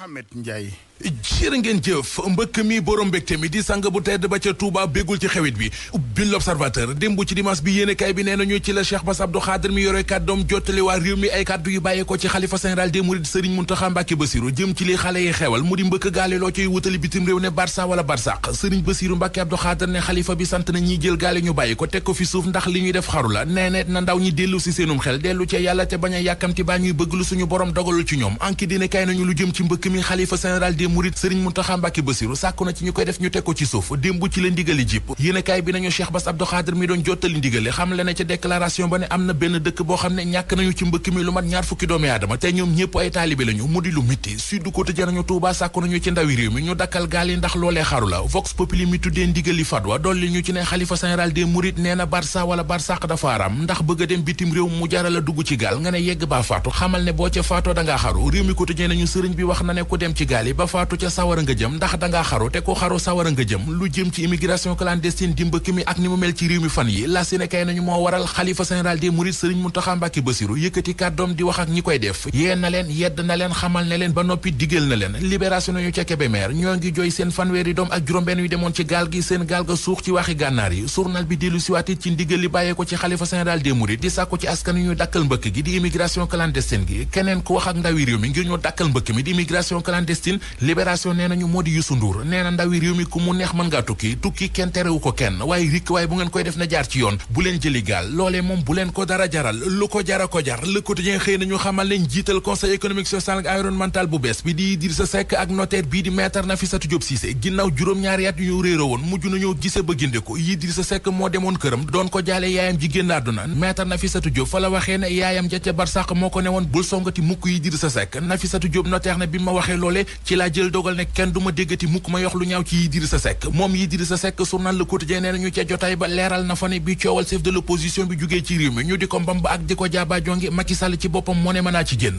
Mohamed Ndiaye jërë ngeen jëf ba jëm ci li xale yi xewal mu di mbëkk gaale loo wutali bitim réew ne Barça wala Barsaq Serigne Bassirou Mbacké Abdou xalifa bi sant na ñiy jël gaale ñu bàyyi ko teg ko fi suuf ndax li ñuy def xaru la nee na ndaw ñi dellu si seenum xel dellu ci yàlla te bañ a yàkkamti baa ñuy bëgg lu suñu borom dogalul ci ñoom anki dina nañu lu jëm ci mbëkk mi xalifa général des mourides sëriñ Muntaxa Mbàkke mu di lu mitti Sud Quotidien nañu Tuubaa sàkku nañu ci ndawi réew mi ñu dakkal gaal yi ndax loolee xaru la Vox Populi mi tuddee ndigali fatwa dolli ñu ci ne xalifa général des mourides nee na barça wala barsàq dafa aram ndax bëgg a dem bitim réew mu jarala dugg ci gaal nga ne yegg baa faatu xamal ne boo ca faatoo dangaa xaru réew mi Quotidien nañu sëriñ bi wax na ne ku dem ci gaal yi ba faatu ca sawara nga jëm ndax dangaa xaru te ku xaru sawara nga jëm lu jëm ci immigration clandestine dimba ki mi ak ni mu mel ci réew mi fan yi la nañu moo waral xalifa général des mourides sëriñ Muntaxa Mbàkke Basiru yëkkati kàddoom di wax ak ñi koy def yee na leen yedd na leen xamal ne leen ba noppi digal na leen libération nañu ca Kébémer ñoo ngi jooy seen fanweeri doom ak juróom-benn yu demoon ci gaal gi immigration clandestine libération nee nañu moo di Youssou Ndour nee na ndawi réew mi ku mu neex mën ngaa tukki tukki kenn terewu ko kenn waaye rikk waaye bu ngeen koy def na jaar ci yoon bu leen jëli gaal loolee moom bu leen ko dara jaral lu ko jara ko jar Le Quotidien xëy nañu xamal leen jiital conseil économique social ak environnemental bu bees bi di Idrissa Seck ak notaire bii di maître Nafissatou Diop Cissé ginnaaw juróom-ñaari yu ñu réeré woon mujj nañoo gise ba moo demoon këram doon ko jaale yaayam ji génn àdduna maître Nafissatou Diop waxee loolee ci laa jël dogal ne kenn du ma déggati mukk ma yox lu ñaaw ci Idrissa Seck moom Idrissa Seck journal Le Quotidien nee nañu ca jotaay ba leeral na fa ne bi coowal chef de l'opposition bi jugee ci réew mi ñu di ko mbamb ak di ko jaaba jongi Macky ci boppam ne mën naa ci génn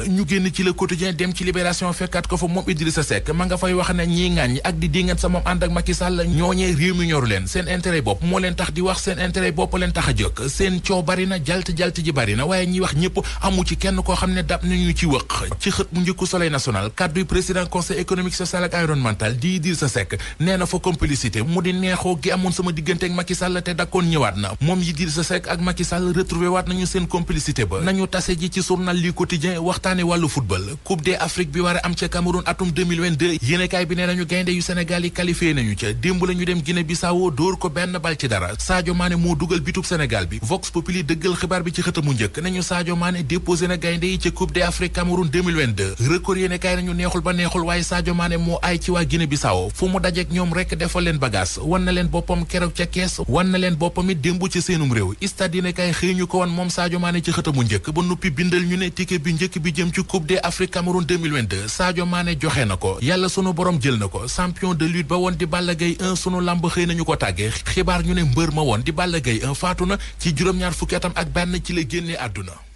moom Idrissa Seck ma nga fay wax ne ñii ŋaañ ak di dingat sa moom ànd ak Macky Sall ñooñee mi ñoru leen seen intérêt bopp moo leen tax di wax seen intérêt bopp leen tax a jëkk di président conseil économique social ak environnemental di Idrissa Seck nee na fa complicité mu di neexoo gi amoon sama diggante ak Macky te dakkoon ñëwaat na moom Idrissa Seck ak Macky Sall waat nañu seen complicité ba nañu tase ji ci journal li quotidien waxtaane wàllu football coupe d'Afrique bi war am ca Cameroun atum 2022 bi nee nañu gaynde yu Sénégal yi qualifié nañu ca démb la dem Guinée Bissau dóor ko benn bal ci dara Sadio neexul ba neexul waaye saajo Mané moo ay ci waa Guinée Bissau fu mu dajeek ñoom rek defal leen bagaas wan na leen boppam keroog ca kees wan na leen boppam it démb ci seenum réew stade dina kay xëy ñu ko won moom Sadio Mané ci xëtamu njëkk ba noppi bindal ñu ne tike bi njëkk bi jëm ci Coupe d'Afrique Cameroun 2022 Sadio Mané joxe na ko yàlla sunu boroom jël na ko champion de lutte ba woon di Balla Gaye 1 sunu làmb xëy nañu ko tàggee xibaar ñu ne mbër ma woon di Balla Gaye 1 faatu ci juróom-ñaar fukki ak benn ci la génnee àdduna